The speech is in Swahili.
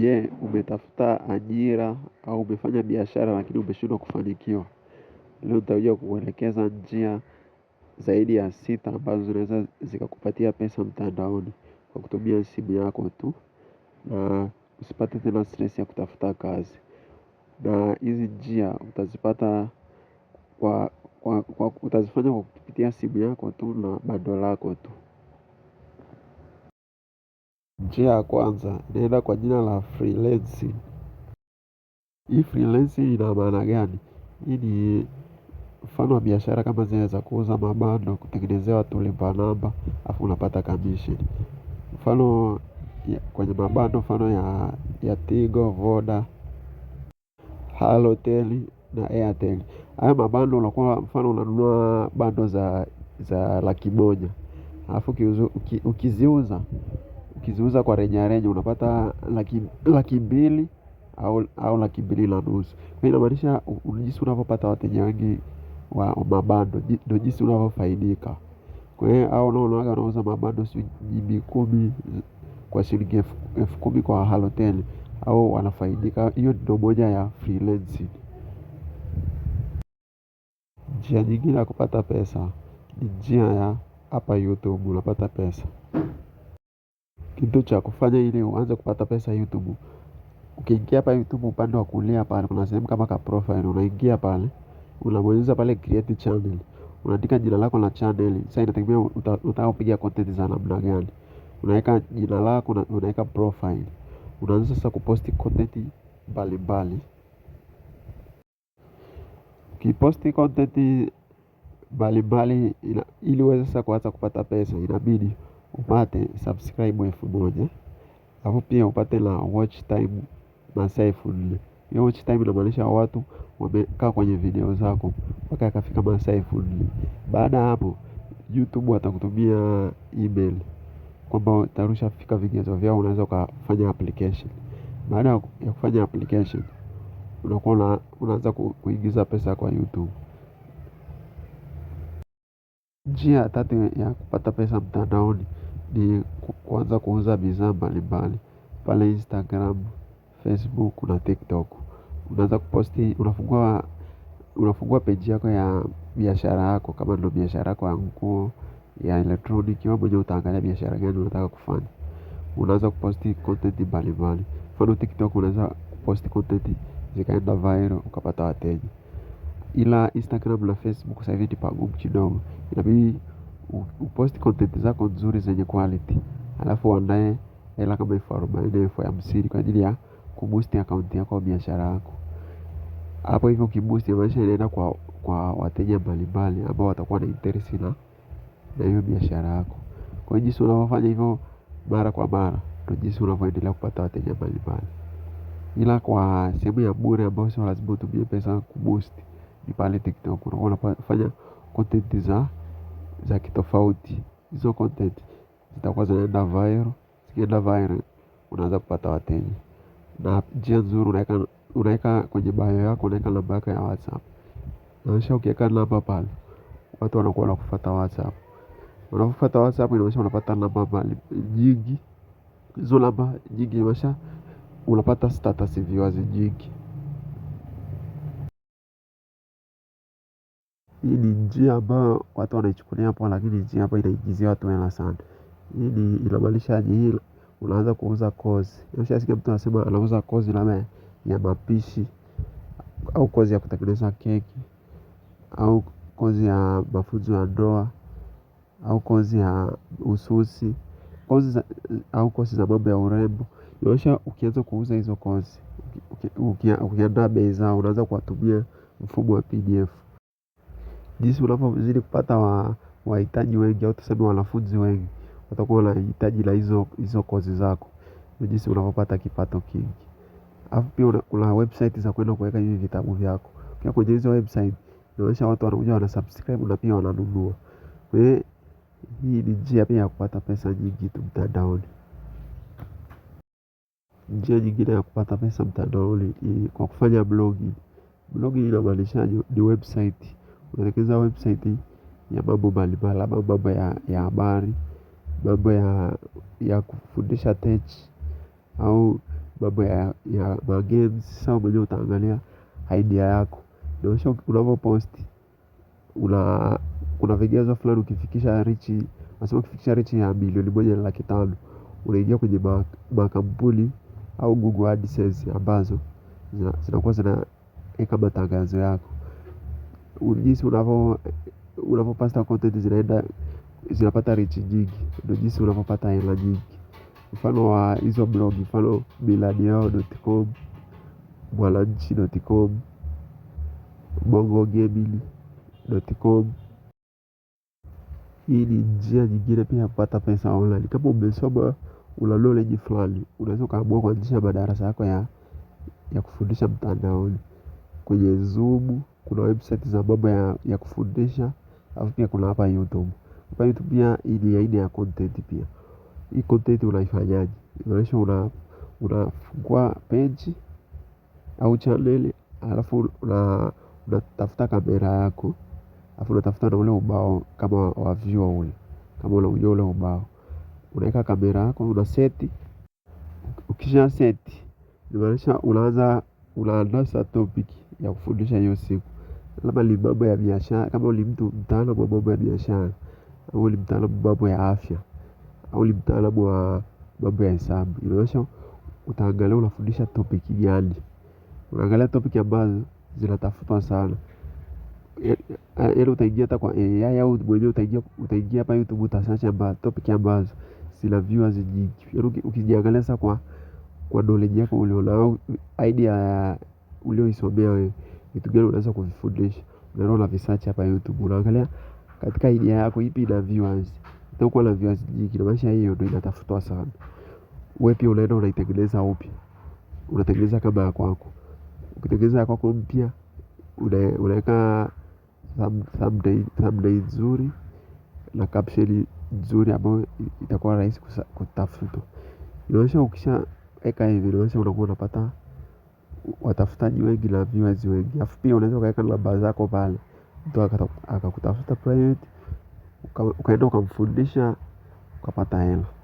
Je, umetafuta ajira au umefanya biashara lakini umeshindwa kufanikiwa? Leo nitakuja kukuelekeza njia zaidi ya sita ambazo zinaweza zikakupatia pesa mtandaoni kwa kutumia simu yako tu, na usipate tena stress ya kutafuta kazi. Na hizi njia utazipata kwa, kwa, kwa, utazifanya kwa kupitia simu yako tu na bando lako tu. Njia ya kwanza inaenda kwa jina la freelancing. Hii freelancing ina maana gani? Hii ni mfano wa biashara kama zile za kuuza mabando, kutengenezea watu lipa namba afu unapata commission. Mfano kwenye mabando mfano ya ya Tigo, Voda, Halotel na Airtel. Haya mabando unakuwa mfano unanunua bando za za laki moja alafu ukiziuza ukiziuza kwa rejareja unapata laki, laki mbili au, au laki mbili na nusu. Kwa hiyo inamaanisha jinsi unavyopata wateja wengi wa mabando ndio jinsi unavyofaidika. Kwa hiyo au unaonaga unauza mabando si jibi kumi kwa shilingi elfu kumi kwa Halotel au wanafaidika. Hiyo ndio moja ya freelancing. Njia nyingine ya kupata pesa ni njia ya hapa YouTube unapata pesa kitu cha kufanya ili uanze kupata pesa YouTube. Ukiingia hapa YouTube upande wa kulia pale kuna sehemu kama ka profile, unaingia pale, unabonyeza pale create channel, unaandika jina lako la channel. Sasa inategemea utakaopiga content za namna gani. Unaweka jina lako, na unaweka profile, unaanza sasa kuposti content mbalimbali. Ukiposti content mbalimbali, ili uweze sasa kuanza kupata pesa inabidi upate subscribe elfu moja alafu pia upate na watch time masaa elfu nne hiyo watch time inamaanisha watu wamekaa kwenye video zako mpaka akafika masaa elfu nne baada ya hapo YouTube watakutumia email kwamba utarusha fika vigezo vyao, unaweza ukafanya application. Baada ya kufanya application, unakuwa unaanza kuingiza pesa kwa YouTube. Njia tatu ya kupata pesa mtandaoni ni kuanza kuuza bidhaa mbalimbali pale Instagram, Facebook na TikTok Unaanza kuposti, unafungua peji yako ya biashara yako kama ndio biashara yako ya nguo, ya elektroniki wewe mwenyewe utaangalia biashara gani unataka kufanya Unaanza kuposti content mbalimbali mfano TikTok unaweza kuposti content zikaenda viral ukapata wateja ila Instagram na Facebook saa hivi ni pagumu kidogo inabidi upost content zako nzuri zenye quality alafu uandae hela kama elfu arobaini na elfu hamsini kwa ajili ya kuboost akaunti yako au biashara yako. Hapo hivyo ukiboost, maisha inaenda kwa, kwa wateja mbalimbali ambao watakuwa na interest na na hiyo biashara yako. Kwa hiyo jinsi unavyofanya hivyo mara kwa mara ndio jinsi unavyoendelea kupata wateja mbalimbali, ila kwa sehemu ya bure ambayo sio lazima utumie pesa kuboost ni pale TikTok, unakuwa unafanya content za za kitofauti. Hizo content zitakuwa zinaenda viral, zikienda viral unaanza kupata wateja. Na njia nzuri unaweka unaweka kwenye bio yako, unaweka namba yako ya WhatsApp. Inaonyesha ukiweka namba pale, watu wanakuwa wanakufuata WhatsApp. Wanapofuata WhatsApp inaonyesha unapata namba mbali nyingi. Hizo namba nyingi inamaanisha unapata status viewers nyingi. Hii ni njia ambayo watu wanaichukulia poa lakini njia ambayo inaingizia watu hela sana. Hii ni inamaanisha aje hii unaanza kuuza kozi. Ushasikia mtu anasema anauza kozi labda ya mapishi au kozi ya kutengeneza keki au kozi ya mafunzo ya ndoa au kozi ya ususi kozi au kozi za mambo ya urembo inaonyesha ukianza kuuza hizo kozi ukiandaa bei zao unaanza kuwatumia mfumo wa pdf jinsi unavyozidi kupata wahitaji wengi au tuseme wanafunzi wengi watakuwa wanahitaji la hizo hizo kozi zako na jinsi unavyopata kipato kingi alafu pia una, una website za kwenda kuweka hivi vitabu vyako Pia kwenye hizo website inaonyesha watu wanakuja wana subscribe na pia wananunua kwa hiyo hii ni njia pia ya kupata pesa nyingi tu mtandaoni njia nyingine ya kupata pesa mtandaoni kwa kufanya blogging blogging inamaanisha ni website kuelekeza website ya mambo mbalimbali ama mambo ya habari, mambo ya kufundisha tech au mambo ya magames sasa mwenyewe utaangalia idea yako inaonyesha una kuna vigezo fulani ukifikisha reach nasema ukifikisha reach ya milioni moja na laki tano unaingia kwenye makampuni au Google AdSense ambazo zinakuwa zinaeka matangazo yako jinsi unavyopasta content zinaenda zinapata reach nyingi ndio jinsi unavyopata hela nyingi mfano wa hizo blog mfano millardyao.com mwananchi.com bongogaming.com hii ni njia nyingine pia ya kupata pesa online. Kama umesoma una knowledge fulani, unaweza ukaamua kuanzisha madarasa yako ya, ya kufundisha mtandaoni kwenye Zoom, kuna website za mambo ya, ya kufundisha alafu pia kuna hapa YouTube. Hapa YouTube pia ni aina ya content pia. Hii content unaifanyaje? Inaonyesha una unafungua page au channel alafu una unatafuta kamera yako alafu unatafuta na ule ubao kama wa view ule kama unaujua ule ubao unaweka kamera yako una seti. Ukisha seti, inamaanisha unaanza unaandaa topic ya kufundisha hiyo siku. labda ni mambo ya biashara, kama ni mtu mtaalamu wa mambo ya biashara au ni mtaalamu wa mambo ya afya au ni mtaalamu wa mambo ya hesabu inaonyesha utaangalia unafundisha topic gani. Unaangalia topic ambazo zinatafutwa sana. Yaani utaingia hata kwa AI au mwenyewe utaingia utaingia hapa YouTube utasearch ambazo topic ambazo zina viewers nyingi. Yaani ukijiangalia sasa kwa kwa knowledge yako ulionao idea ya ulioisomea wewe eh, vitu gani unaweza kuvifundisha Unaona, una research hapa youtube unaangalia katika idea yako ipi ina viewers itakuwa na viewers nyingi na maisha hiyo ndio inatafutwa sana wewe pia unaenda unaitengeneza upya unatengeneza kama ya kwako ukitengeneza ya kwako mpya unaweka thumbnail nzuri na caption nzuri ambayo itakuwa rahisi kutafutwa inaonyesha eka hivi inaonyesha unakuwa unapata watafutaji wengi na viewers wengi afu pia unaweza ukaweka namba zako pale mtu akakutafuta private ukaenda ukamfundisha ukapata hela.